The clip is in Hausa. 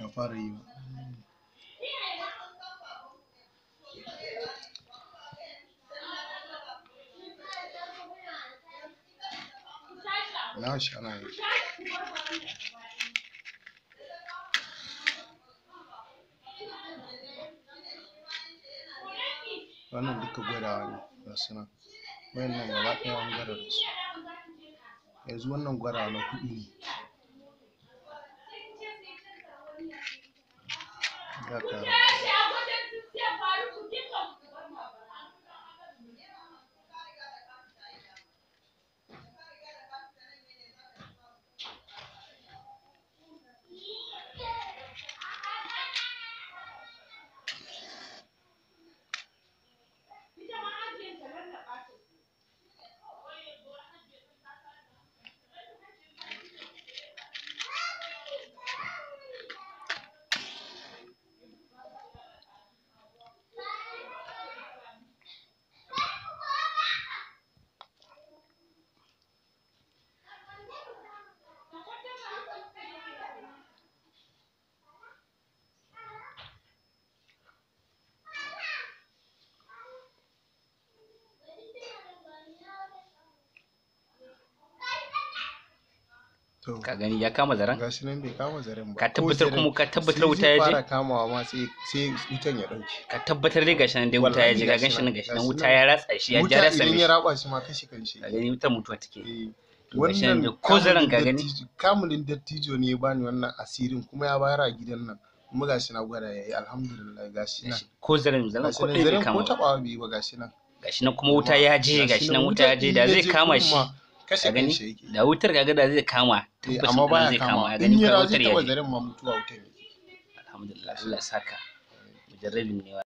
ya fara yi na shi ana yi wannan duka gwadawa ne ga su nan waɗannan gaba ɗaya an da su yanzu wannan gwadawa na kuɗi ne acá. ka gani ya kama zaren gashi nan bai kama zaren ba ka tabbatar kuma ka tabbatar wuta ya je kama wa ma sai sai wutan ya dauke ka tabbatar dai gashi nan dai wuta ya je ka shi nan gashi nan wuta ya ratsa shi ya ja rasa shi ya raba shi ma kashi kanshi ka gani wutan mutuwa take eh, wannan ko zaren ka gani kamulin dattijo ne ya bani wannan asirin kuma ya bayar a gidan nan kuma gashi na gwada yayi alhamdulillah gashi nan ko zaren zaren ko dai bai kama ko tabawa bai ba gashi nan gashi nan kuma wuta ya je gashi nan wuta ya je da zai kama shi kashe gani da wutar kaga da zai kama tabbas eh, amma baya kama in yi razi ta wazarin ma alhamdulillah Allah saka mujarrabin ne